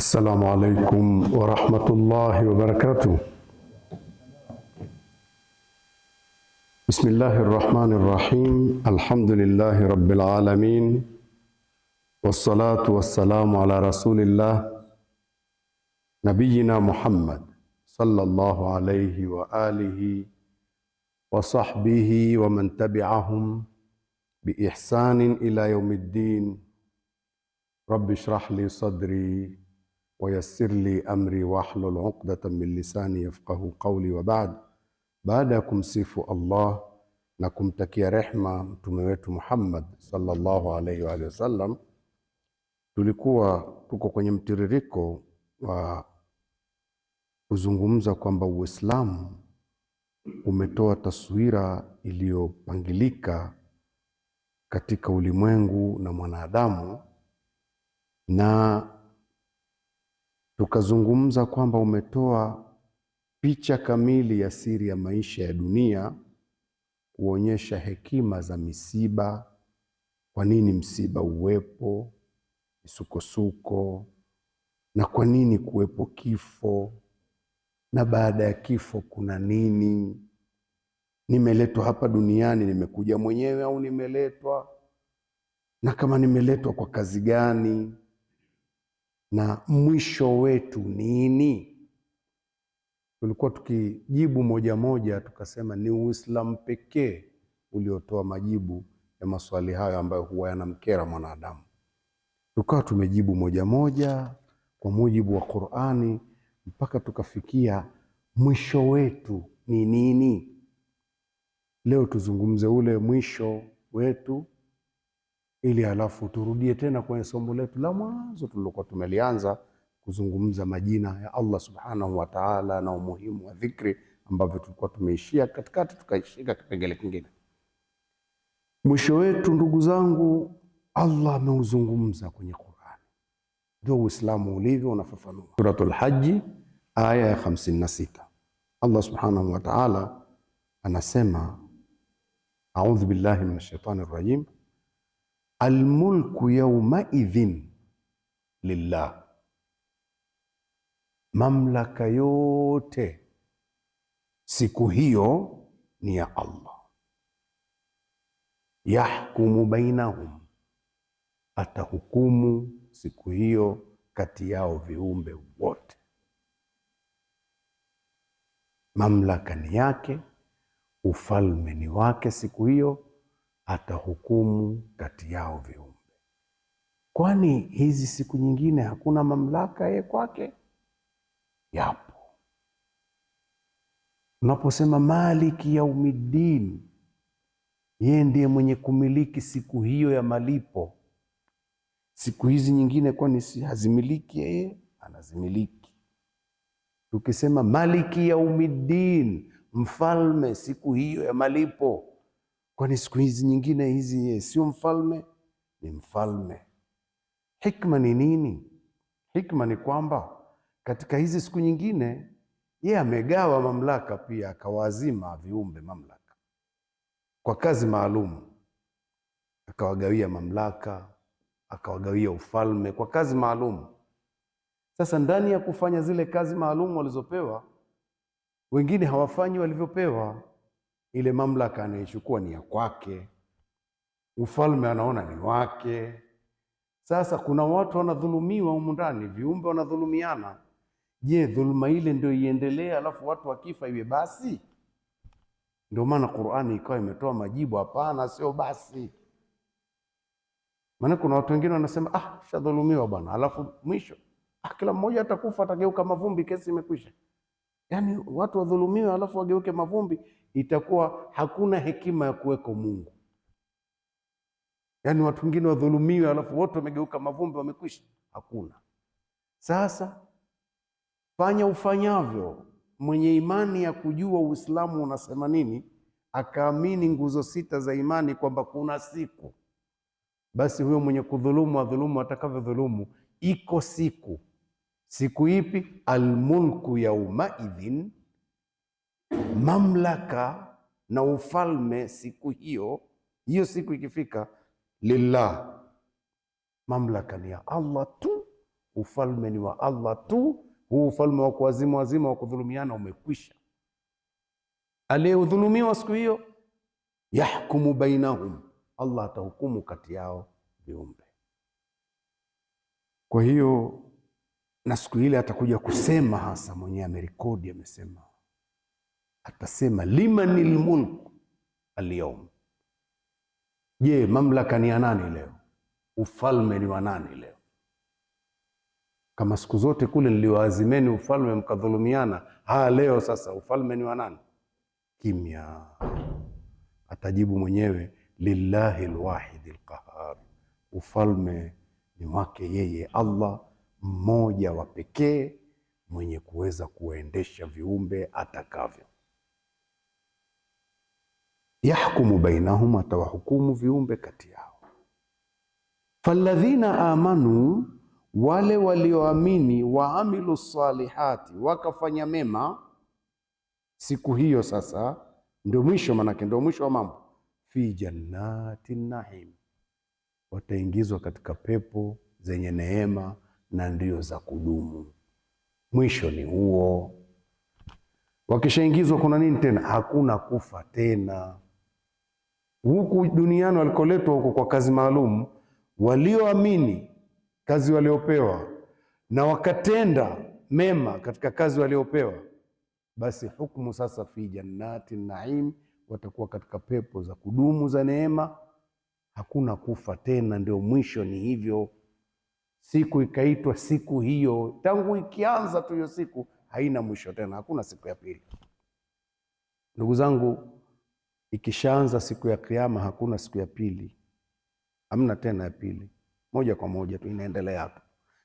السلام عليكم ورحمة الله وبركاته بسم الله الرحمن الرحيم الحمد لله رب العالمين والصلاة والسلام على رسول الله نبينا محمد صلى الله عليه وآله وصحبه ومن تبعهم بإحسان إلى يوم الدين رب اشرح لي صدري wayasir li amri wahlul uqdatan min lisani yafqahu qawli. Wa baad, baada ya kumsifu Allah na kumtakia rehma mtume wetu Muhammad sallallahu alaihi wa alihi wasallam, tulikuwa tuko kwenye mtiririko wa kuzungumza kwamba Uislamu umetoa taswira iliyopangilika katika ulimwengu na mwanadamu na tukazungumza kwamba umetoa picha kamili ya siri ya maisha ya dunia, kuonyesha hekima za misiba, kwa nini msiba uwepo, misukosuko, na kwa nini kuwepo kifo, na baada ya kifo kuna nini? Nimeletwa hapa duniani, nimekuja mwenyewe au nimeletwa? Na kama nimeletwa kwa kazi gani? na mwisho wetu nini? Tulikuwa tukijibu moja moja, tukasema ni Uislamu pekee uliotoa majibu ya maswali hayo ambayo huwa yanamkera mwanadamu. Tukawa tumejibu moja moja kwa mujibu wa Qur'ani mpaka tukafikia mwisho wetu ni nini. Leo tuzungumze ule mwisho wetu ili halafu turudie tena kwenye somo letu la mwanzo tulilokuwa tumelianza kuzungumza majina ya Allah subhanahu wa ta'ala na umuhimu wa dhikri ambavyo tulikuwa tumeishia katikati, tukaishika kipengele kingine. Mwisho wetu, ndugu zangu, Allah ameuzungumza kwenye Qur'an. Ndio Uislamu ulivyo, unafafanua Suratul Haji aya ya 56. Allah subhanahu wa ta'ala anasema, a'udhu billahi minash shaitani rrajim almulku yaumaidhin lillah, mamlaka yote siku hiyo ni ya Allah. Yahkumu bainahum, atahukumu siku hiyo kati yao viumbe wote. Mamlaka ni yake, ufalme ni wake siku hiyo atahukumu kati yao viumbe. Kwani hizi siku nyingine hakuna mamlaka ye kwake? Yapo. Unaposema maliki yaumiddin, yeye ndiye mwenye kumiliki siku hiyo ya malipo. Siku hizi nyingine kwani hazimiliki yeye? Anazimiliki. Tukisema maliki yaumiddin, mfalme siku hiyo ya malipo kwani siku hizi nyingine hizi yeye sio mfalme, ni mfalme. Hikma ni nini? Hikma ni kwamba katika hizi siku nyingine yeye amegawa mamlaka pia, akawaazima viumbe mamlaka kwa kazi maalum, akawagawia mamlaka, akawagawia ufalme kwa kazi maalum. Sasa ndani ya kufanya zile kazi maalum walizopewa, wengine hawafanyi walivyopewa ile mamlaka anayechukua ni ya kwake, ufalme anaona ni wake. Sasa kuna watu wanadhulumiwa humu ndani, viumbe wanadhulumiana. Je, dhuluma ile ndio iendelee, alafu watu wakifa iwe basi? Ndio maana Qur'ani ikawa imetoa majibu, hapana, sio basi. Maana kuna watu wengine wanasema ah, shadhulumiwa bwana, alafu mwisho ah, kila mmoja atakufa, atageuka mavumbi, kesi imekwisha. Yaani watu wadhulumiwe, alafu wageuke mavumbi itakuwa hakuna hekima ya kuweko Mungu. Yaani watu wengine wadhulumiwe, alafu wote wamegeuka mavumbi, wamekwisha. Hakuna. Sasa fanya ufanyavyo, mwenye imani ya kujua Uislamu unasema nini, akaamini nguzo sita za imani kwamba kuna siku, basi huyo mwenye kudhulumu adhulumu atakavyodhulumu. Iko siku. Siku ipi? Almulku yaumaidhin mamlaka na ufalme siku hiyo hiyo siku ikifika, lillah, mamlaka ni ya Allah tu, ufalme ni wa Allah tu. Huu ufalme wa kuwazimu wazima wa kudhulumiana umekwisha. Aliyeudhulumiwa siku hiyo, yahkumu bainahum, Allah atahukumu kati yao viumbe. Kwa hiyo na siku ile atakuja kusema hasa, mwenyewe amerikodi, amesema atasema limanil mulku alyaum, je, mamlaka ni ya nani leo? Ufalme ni wa nani leo? Kama siku zote kule niliwaazimeni ufalme mkadhulumiana, haa, leo sasa ufalme ni wa nani? Kimya. Atajibu mwenyewe lillahi lwahidi lqahar, ufalme ni wake yeye Allah mmoja wa pekee mwenye kuweza kuwaendesha viumbe atakavyo yahkumu bainahum, atawahukumu viumbe kati yao. Falladhina amanu, wale walioamini, waamilu salihati, wakafanya mema. Siku hiyo sasa ndio mwisho, manake ndio mwisho wa mambo. Fi jannati nahim, wataingizwa katika pepo zenye neema na ndio za kudumu. Mwisho ni huo. Wakishaingizwa kuna nini tena? Hakuna kufa tena huku duniani walikoletwa huko kwa kazi maalum, walioamini kazi waliopewa na wakatenda mema katika kazi waliopewa, basi hukumu sasa fi jannati naim, watakuwa katika pepo za kudumu za neema. Hakuna kufa tena, ndio mwisho. Ni hivyo, siku ikaitwa siku hiyo, tangu ikianza tu hiyo siku haina mwisho tena, hakuna siku ya pili, ndugu zangu. Ikishaanza siku ya Kiyama hakuna siku ya pili, hamna tena ya pili, moja kwa moja tu inaendelea hapo.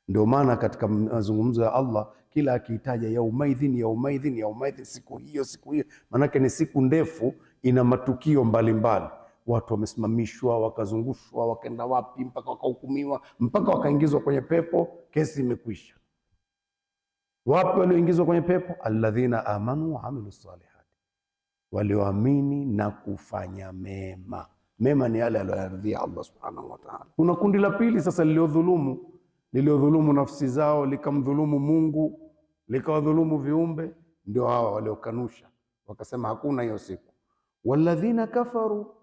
Ndio maana katika mazungumzo ya Allah kila akiitaja yaumaidhin, yaumaidhin, yaumaidhin, siku hiyo, siku hiyo, maanake ni siku ndefu, ina matukio mbalimbali mbali. Watu wamesimamishwa wakazungushwa wakaenda wapi mpaka wakahukumiwa mpaka wakaingizwa kwenye pepo, kesi imekwisha. Wapi walioingizwa kwenye pepo? alladhina amanu waamilu salih walioamini na kufanya mema. Mema ni yale aliyoyaridhia Allah subhanahu wa ta'ala. Kuna kundi la pili sasa liliodhulumu, liliodhulumu nafsi zao likamdhulumu Mungu likawadhulumu viumbe, ndio hawa waliokanusha, wakasema hakuna hiyo siku. Walladhina kafaru,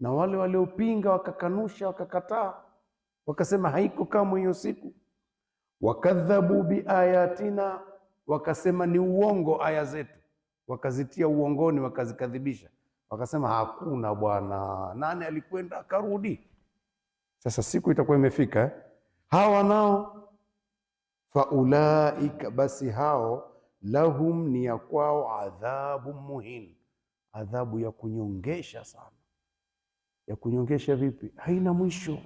na wale waliopinga wakakanusha, wakakataa, wakasema haiko kamwe hiyo siku. Wakadhabu biayatina, wakasema ni uongo aya zetu wakazitia uongoni, wakazikadhibisha, wakasema hakuna bwana, nani alikwenda akarudi. Sasa siku itakuwa imefika, eh? hawa nao faulaika, basi hao lahum, ni ya kwao adhabu muhin, adhabu ya kunyongesha sana. Ya kunyongesha vipi? Haina mwisho,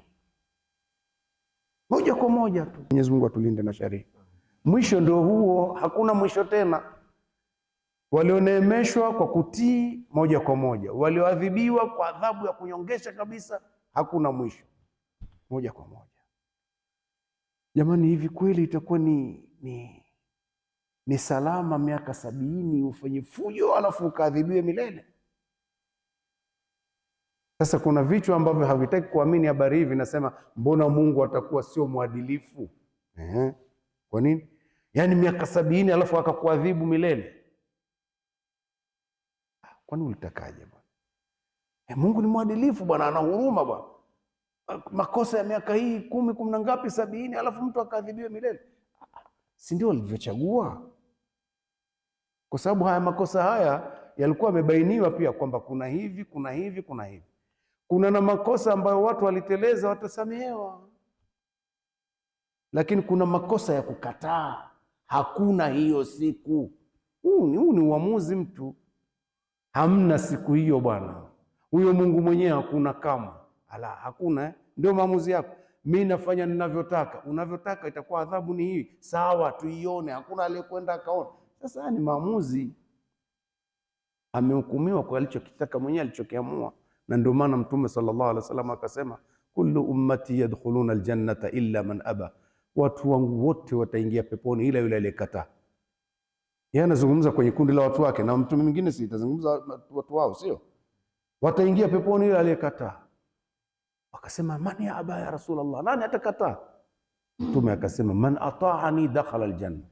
moja kwa moja tu. Mwenyezi Mungu atulinde na shari. Mwisho ndio huo, hakuna mwisho tena walioneemeshwa kwa kutii moja kwa moja, walioadhibiwa kwa adhabu ya kunyongesha kabisa, hakuna mwisho, moja kwa moja. Jamani, hivi kweli itakuwa ni, ni, ni salama miaka sabini ufanye fujo alafu ukaadhibiwe milele? Sasa kuna vichwa ambavyo havitaki kuamini habari hii, vinasema mbona Mungu atakuwa sio mwadilifu? Ehe, kwa nini? Yaani miaka sabini alafu akakuadhibu milele? Kwani ulitakaje bwana? E, Mungu ni mwadilifu bwana, ana huruma bwana. Ah, makosa ya miaka hii kumi kumi na ngapi sabini, alafu mtu akaadhibiwe milele, ah, ah, si ndio walivyochagua? Kwa sababu haya makosa haya yalikuwa yamebainiwa pia kwamba kuna hivi kuna hivi kuna hivi, kuna na makosa ambayo watu waliteleza watasamehewa, lakini kuna makosa ya kukataa, hakuna hiyo siku. Huu ni uamuzi mtu hamna siku hiyo bwana. Huyo Mungu mwenyewe hakuna kama ala, hakuna eh? Ndio maamuzi yako. Mi nafanya ninavyotaka, unavyotaka itakuwa adhabu ni hii, sawa, tuione. Hakuna aliyekwenda akaona. Sasa ni maamuzi, amehukumiwa kwa alichokitaka mwenyewe, alichokiamua. Na ndio maana Mtume sallallahu alaihi wasallam akasema, kullu ummati yadkhuluna aljannata illa man aba, watu wangu wote wataingia peponi ila yule aliyekataa yeye anazungumza kwenye kundi la watu wake, na mtume mwingine si itazungumza watu wao, sio? Wataingia peponi yule aliyekataa. Akasema, man ya aba ya Rasulullah, nani atakataa? Mtume akasema, man ataani dakhala aljanna,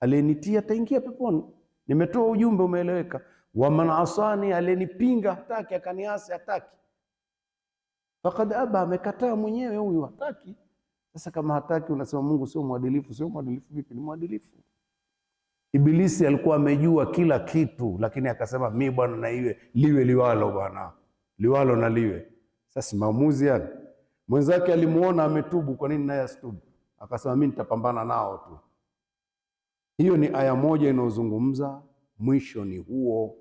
aliyenitia ataingia peponi. Nimetoa ujumbe, umeeleweka. Wa man asani, aliyenipinga hataki, akaniasi hataki. Fakad aba, amekataa mwenyewe huyu, hataki. Sasa kama hataki, unasema Mungu sio mwadilifu. Sio mwadilifu vipi? Ni mwadilifu. Ibilisi alikuwa amejua kila kitu, lakini akasema mi bwana na iwe liwe liwalo, bwana liwalo na liwe. Sasa maamuzi yake, mwenzake alimuona ametubu, kwa nini naye asitubu? Akasema mi nitapambana nao tu. Hiyo ni aya moja inayozungumza mwisho ni huo.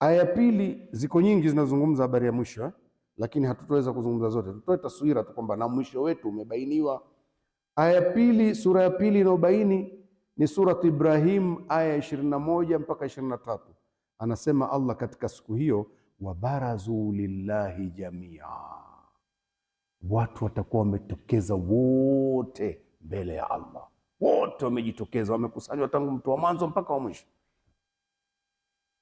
Aya pili, ziko nyingi zinazozungumza habari ya mwisho eh? Lakini hatutoweza kuzungumza zote, tutoe taswira tu kwamba na mwisho wetu umebainiwa. Aya pili, sura ya pili inayobaini ni surati Ibrahim aya ishirini na moja mpaka ishirini na tatu. Anasema Allah katika siku hiyo, wabarazu lillahi jamia, watu watakuwa wametokeza wote mbele ya Allah, wote wamejitokeza, wamekusanywa tangu mtu wa mwanzo mpaka wa mwisho.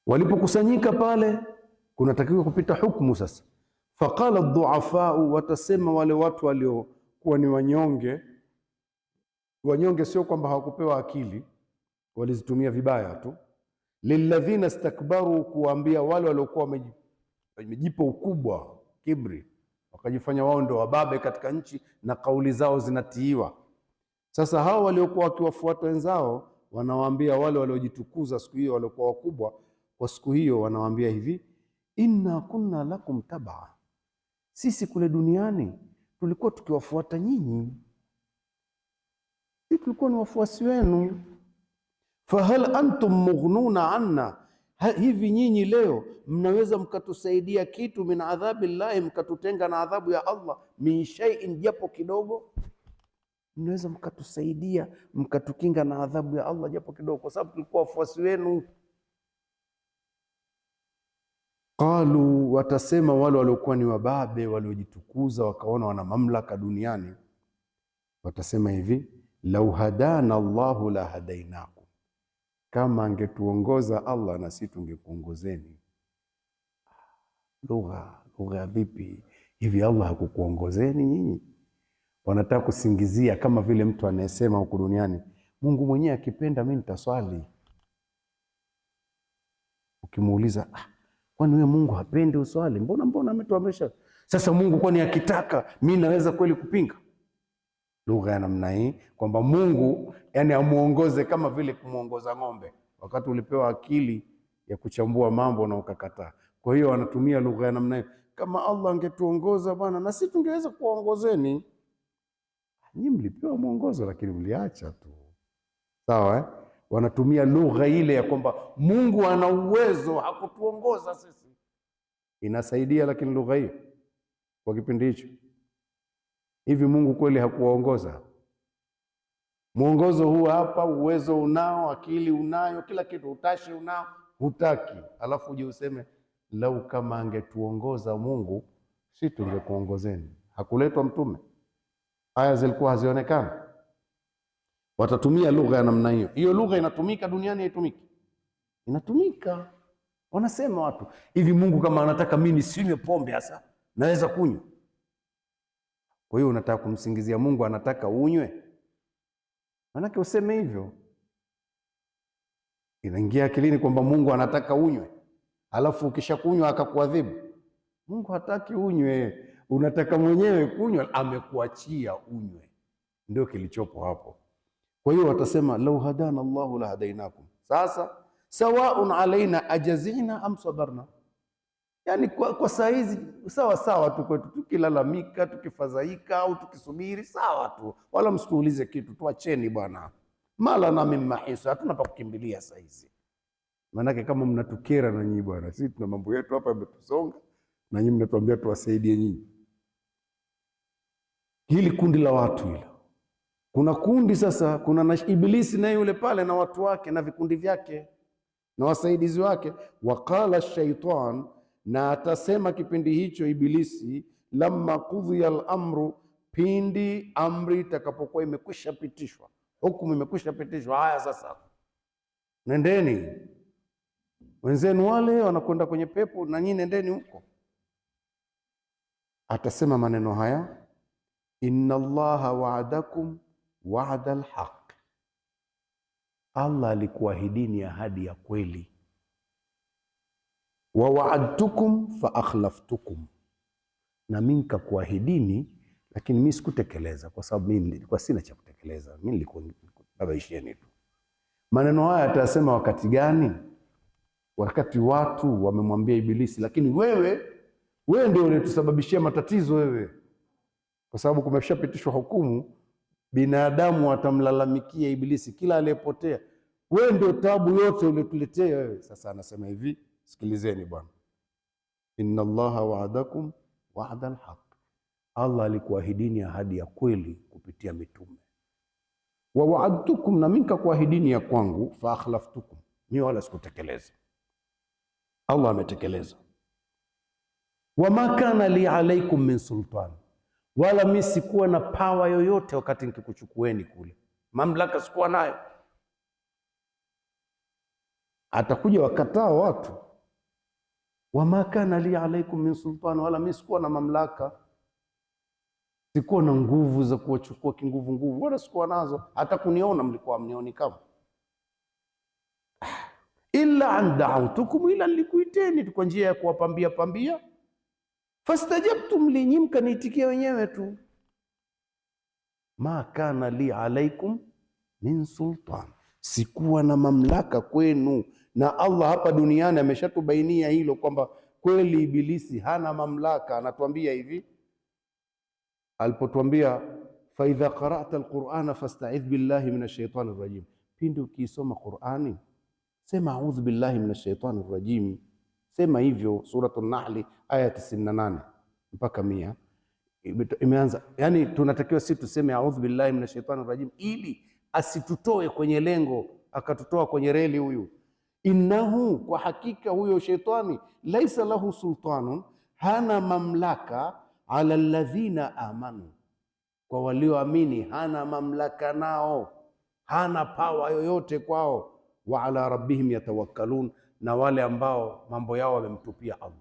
Walipokusanyika pale, kunatakiwa kupita hukumu sasa. Faqala dhuafau, watasema wale watu waliokuwa ni wanyonge Wanyonge sio kwamba hawakupewa akili, walizitumia vibaya tu. Lilladhina stakbaru kuwaambia wale waliokuwa wamejipa ukubwa, kibri, wakajifanya wao ndio wababe katika nchi na kauli zao zinatiiwa. Sasa hao waliokuwa wakiwafuata wenzao wanawaambia wale waliojitukuza siku hiyo, waliokuwa wakubwa kwa siku hiyo, wanawaambia hivi, inna kunna lakum tabaa, sisi kule duniani tulikuwa tukiwafuata nyinyi tulikuwa ni wafuasi wenu. Fahal antum mughnuna anna, hivi nyinyi leo mnaweza mkatusaidia kitu? Min adhabi llahi, mkatutenga na adhabu ya Allah. Min shaiin japo kidogo mnaweza mkatusaidia mkatukinga na adhabu ya Allah japo kidogo, kwa sababu tulikuwa wafuasi wenu. Qalu, watasema wale waliokuwa ni wababe waliojitukuza wakaona wana mamlaka duniani, watasema hivi lau hadana Allahu la hadainaku kama angetuongoza Allah na sisi tungekuongozeni. Lugha lugha ya vipi hivi? Allah hakukuongozeni nyinyi? Wanataka kusingizia kama vile mtu anayesema huku duniani, Mungu mwenyewe akipenda mimi nitaswali. Ukimuuliza ah, kwani wewe Mungu hapendi uswali? Mbona mbona ametuamrisha. Sasa Mungu kwani akitaka mimi naweza kweli kupinga? lugha ya namna hii kwamba Mungu yani amuongoze kama vile kumuongoza ng'ombe, wakati ulipewa akili ya kuchambua mambo na ukakataa. Kwa hiyo anatumia lugha ya namna hiyo, kama Allah angetuongoza bwana, na sisi tungeweza kuongozeni. nyinyi. Mlipewa mwongozo, lakini mliacha tu, sawa eh? Wanatumia lugha ile ya kwamba Mungu ana uwezo, hakutuongoza sisi. Inasaidia lakini lugha hiyo kwa kipindi hicho Hivi Mungu kweli hakuwaongoza? Mwongozo huu hapa, uwezo unao, akili unayo, kila kitu, utashi unao, hutaki, alafu uje useme lau kama angetuongoza Mungu si tungekuongozeni. Hakuletwa mtume, aya zilikuwa hazionekana Watatumia lugha ya namna hiyo. Hiyo lugha inatumika duniani, haitumiki? Inatumika. Wanasema watu hivi, Mungu kama anataka mimi nisinywe pombe, hasa naweza kunywa? Kwa hiyo unataka kumsingizia Mungu, anataka unywe? Maanake useme hivyo, inaingia akilini kwamba Mungu anataka unywe, alafu ukishakunywa akakuadhibu. Mungu hataki unywe, unataka mwenyewe kunywa, amekuachia unywe. Ndio kilichopo hapo. Kwa hiyo watasema lau hadana Allahu la hadainakum, sasa sawaun alaina ajazina am sabarna Yaani kwa, kwa saa hizi sawa sawa tu kwetu, tukilalamika tukifadhaika au tukisubiri sawa tu, wala msikuulize kitu, tuacheni bwana. mala na min mahisa, hatuna pa kukimbilia saa hizi. Maanake kama mnatukera na nyinyi bwana, sisi tuna mambo yetu hapa yametusonga, na nyinyi mnatuambia tuwasaidie nyinyi. Hili kundi la watu hilo, kuna kundi sasa, kuna na Ibilisi na yule pale na watu wake na vikundi vyake na wasaidizi wake. waqala shaitan na atasema kipindi hicho Ibilisi, lamma kudhiya lamru, pindi amri itakapokuwa imekwisha pitishwa, hukumu imekwisha pitishwa. Haya, sasa nendeni, wenzenu wale wanakwenda kwenye pepo, na nyinyi nendeni huko. Atasema maneno haya, inna allaha waadakum waada lhaq, Allah alikuahidini ahadi ya kweli wa waadtukum fa akhlaftukum, na mimi nikakuahidini, lakini mimi sikutekeleza, kwa sababu mimi nilikuwa sina cha kutekeleza. Mimi nilikuwa babaisheni tu. Maneno haya atasema wakati gani? Wakati watu wamemwambia Ibilisi, lakini wewe wewe ndio ulitusababishia matatizo wewe, kwa sababu kumeshapitishwa hukumu, binadamu watamlalamikia Ibilisi kila aliyepotea, wewe ndio tabu yote uliotuletea wewe. Sasa anasema hivi Sikilizeni bwana, inna Allaha waadakum waada lhaq, Allah alikuahidini ahadi ya kweli kupitia mitume. Wa waadtukum, na mimi nikakuahidini ya kwangu, fa akhlaftukum, mimi wala sikutekeleza. Allah ametekeleza. Wama kana li alaikum min sultan, wala mi sikuwa na pawa yoyote wakati nikikuchukueni kule, mamlaka sikuwa nayo. Atakuja wakataa watu wama kana li alaikum min sultan, wala mimi sikuwa na mamlaka, sikuwa na nguvu za kuwachukua kinguvu nguvu, wala sikuwa nazo. Hata kuniona mlikuwa mnioni kama illa an da'awtukum, ila nilikuiteni kwa njia ya kuwapambia pambia. Fastajabtum li, nyinyi wenyewe tu. Ma kana li alaikum min sultan, sikuwa na mamlaka kwenu na Allah hapa duniani ameshatubainia hilo kwamba kweli Ibilisi hana mamlaka. Anatuambia hivi alipotuambia, fa idha qara'ta alqur'ana fasta'idh billahi minash shaitani rrajim, pindi ukiisoma Qur'ani sema a'udhu billahi minash shaitani rrajim. Sema hivyo Suratul Nahli aya 98 mpaka 100 imeanza. Yani tunatakiwa sisi tuseme a'udhu billahi minash shaitani rrajim ili asitutoe kwenye lengo, akatutoa kwenye reli huyu innahu, kwa hakika huyo shetani, laisa lahu sultanun, hana mamlaka ala alladhina amanu, kwa walioamini, hana mamlaka nao, hana pawa yoyote kwao. Wa ala rabbihim yatawakkalun, na wale ambao mambo yao wamemtupia Allah.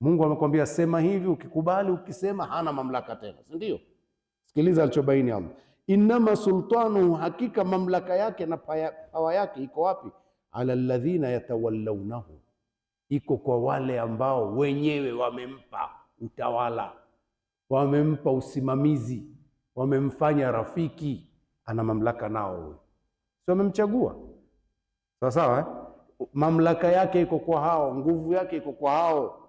Mungu amekwambia sema hivi, ukikubali, ukisema hana mamlaka tena, si ndio? Sikiliza alichobaini Allah, innama sultanuhu, hakika mamlaka yake na pawa yake iko wapi ala alladhina yatawallawnahu, iko kwa wale ambao wenyewe wamempa utawala, wamempa usimamizi, wamemfanya rafiki, ana mamlaka nao. Huyo si wamemchagua? Sawa sawa eh? Mamlaka yake iko kwa hao, nguvu yake iko kwa hao.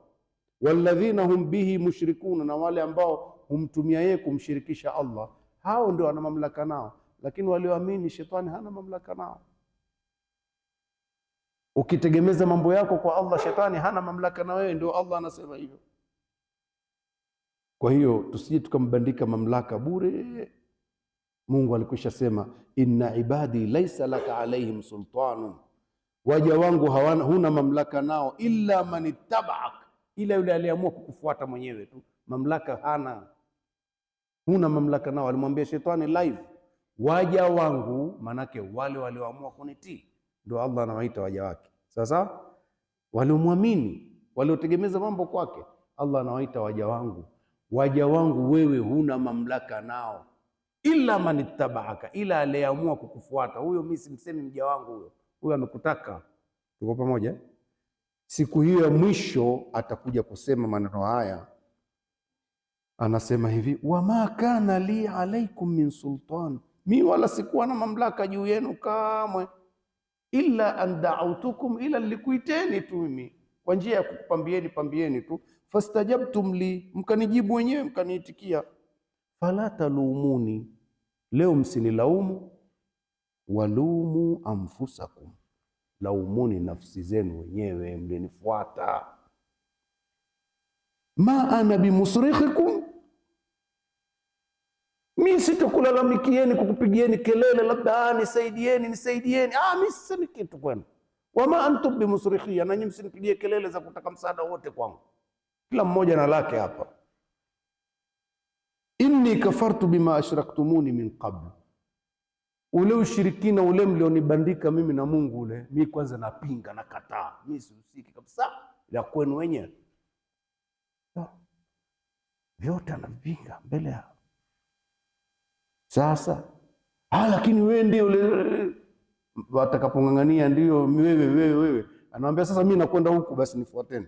Walladhina hum bihi mushrikuna, na wale ambao humtumia yeye kumshirikisha Allah, hao ndio ana mamlaka nao, lakini walioamini, shetani hana mamlaka nao. Ukitegemeza mambo yako kwa Allah, shetani hana mamlaka na wewe. Ndio Allah anasema hivyo. Kwa hiyo tusije tukambandika mamlaka bure. Mungu alikwisha sema, inna ibadi laisa laka alaihim sultanu waja wangu hawana, huna mamlaka nao, illa man ittabaak, ila yule aliyeamua kukufuata mwenyewe tu. Mamlaka hana, huna mamlaka nao. Alimwambia shetani live, waja wangu, maanake wale walioamua kunitii ndio Allah anawaita waja wake. Sasa sawa? Waliomwamini, waliotegemeza mambo kwake, Allah anawaita waja wangu. Waja wangu wewe huna mamlaka nao, ila manittabaaka, ila aliyeamua kukufuata huyo. Mimi simsemi mja wangu huyo, huyo amekutaka. Tuko pamoja? Siku hiyo ya mwisho atakuja kusema maneno haya, anasema hivi, wama kana li alaikum min sultan, mi wala sikuwa na mamlaka juu yenu kamwe illa an daautukum, ila likuiteni tu mimi kwa njia ya kukupambieni pambieni tu, fastajabtum li, mkanijibu wenyewe mkaniitikia. Fala talumuni, leo msinilaumu. Walumu anfusakum, laumuni nafsi zenu wenyewe mlinifuata. Ma ana bimusrikhikum mi sitokulalamikieni kukupigieni kelele, labda ah, nisaidieni, nisaidieni. Ah, mi sisemi kitu kwenu, wama antum bimusrikhia, nanyi msinipigie kelele za kutaka msaada wote kwangu. Kila mmoja na lake hapa. Inni kafartu bima ashraktumuni min qabl, ule ushirikina ule mlionibandika mimi na Mungu ule, mi kwanza napinga, na kataa, mi sihusiki kabisa, ya kwenu wenyewe vyote anavipinga mbele ya sasa ah, lakini wewe ndio watakapong'ang'ania, ndio wewe wewe wewe, anawambia sasa, mimi nakwenda huku, basi nifuateni.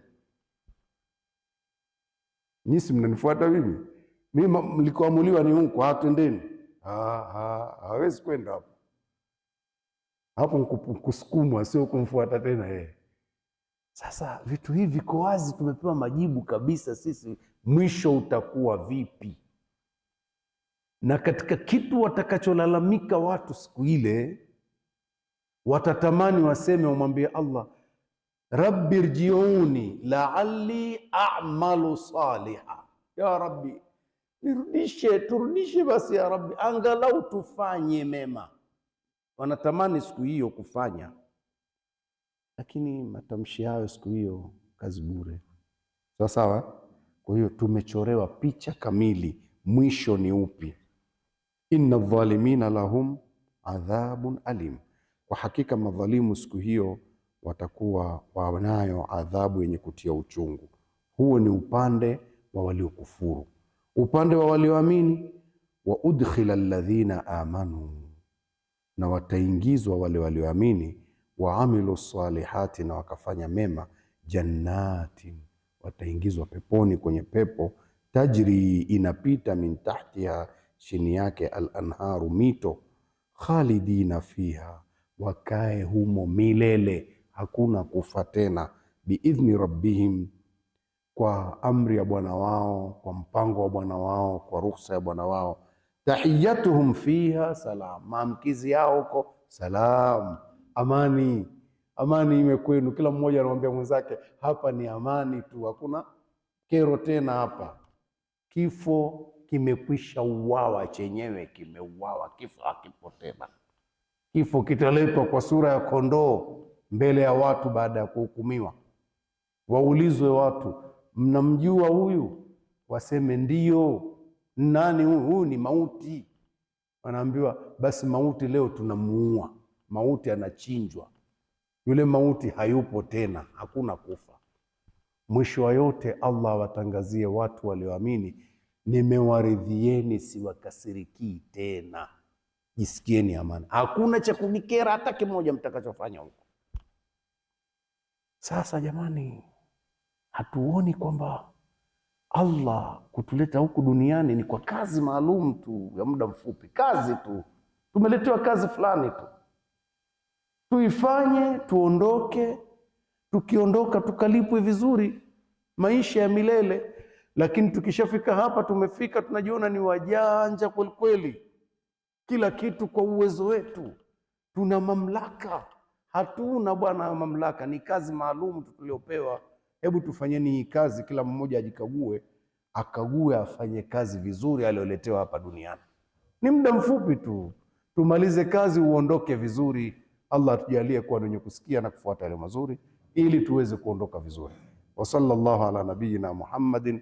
Nyisi mnanifuata mimi, mimi mlikoamuliwa ni huku, hatendeni. Ah, ah, hawezi kwenda hapo hapo, kusukumwa, sio kumfuata tena yeye. Sasa vitu hivi viko wazi, tumepewa majibu kabisa sisi, mwisho utakuwa vipi? na katika kitu watakacholalamika watu siku ile, watatamani waseme, wamwambie Allah, rabbi rjiuni la'alli a'malu saliha, ya rabbi nirudishe, turudishe basi ya rabbi, angalau tufanye mema. Wanatamani siku hiyo kufanya, lakini matamshi hayo siku hiyo kazi bure. Sawa sawa. Kwa hiyo tumechorewa picha kamili, mwisho ni upi? inna dhalimina lahum adhabun alim, kwa hakika madhalimu siku hiyo watakuwa wanayo adhabu yenye kutia uchungu. Huo ni upande wa waliokufuru. Upande wa walioamini, wa udkhila alladhina amanu, na wataingizwa wale walioamini, wa amilu salihati, na wakafanya mema, jannatin, wataingizwa peponi kwenye pepo tajri inapita min tahtiha chini yake al-anharu, mito, khalidina fiha, wakae humo milele, hakuna kufa tena, biidhni rabbihim, kwa amri ya bwana wao, kwa mpango wa bwana wao, kwa ruhusa ya bwana wao. Tahiyatuhum fiha salam, maamkizi yao huko salam, amani. Amani iwe kwenu. Kila mmoja anamwambia mwenzake, hapa ni amani tu, hakuna kero tena hapa. Kifo kimekwisha uwawa chenyewe, kimeuawa. Kifo hakipo tena. Kifo kitaletwa kwa sura ya kondoo mbele ya watu baada ya kuhukumiwa. Waulizwe watu, mnamjua huyu? Waseme ndiyo. Nani huyu? Huyu ni mauti. Wanaambiwa basi, mauti leo tunamuua. Mauti anachinjwa, yule mauti hayupo tena, hakuna kufa. Mwisho wa yote, Allah awatangazie watu walioamini nimewaridhieni, siwakasirikii tena, jisikieni amani. Hakuna cha kunikera hata kimoja mtakachofanya huko. Sasa jamani, hatuoni kwamba Allah kutuleta huku duniani ni kwa kazi maalum tu ya muda mfupi, kazi tu, tumeletewa kazi fulani tu, tuifanye tuondoke, tukiondoka tukalipwe vizuri, maisha ya milele lakini tukishafika hapa, tumefika, tunajiona ni wajanja kweli kweli, kila kitu kwa uwezo wetu, tuna mamlaka. Hatuna bwana mamlaka, ni kazi maalum tuliopewa. Hebu tufanyeni hii kazi, kila mmoja ajikague, akague, afanye kazi vizuri aliyoletewa hapa duniani. Ni muda mfupi tu, tumalize kazi, uondoke vizuri. Allah atujalie kuwa wenye kusikia na kufuata yale mazuri, ili tuweze kuondoka vizuri. Wa sallallahu ala nabiyina Muhammadin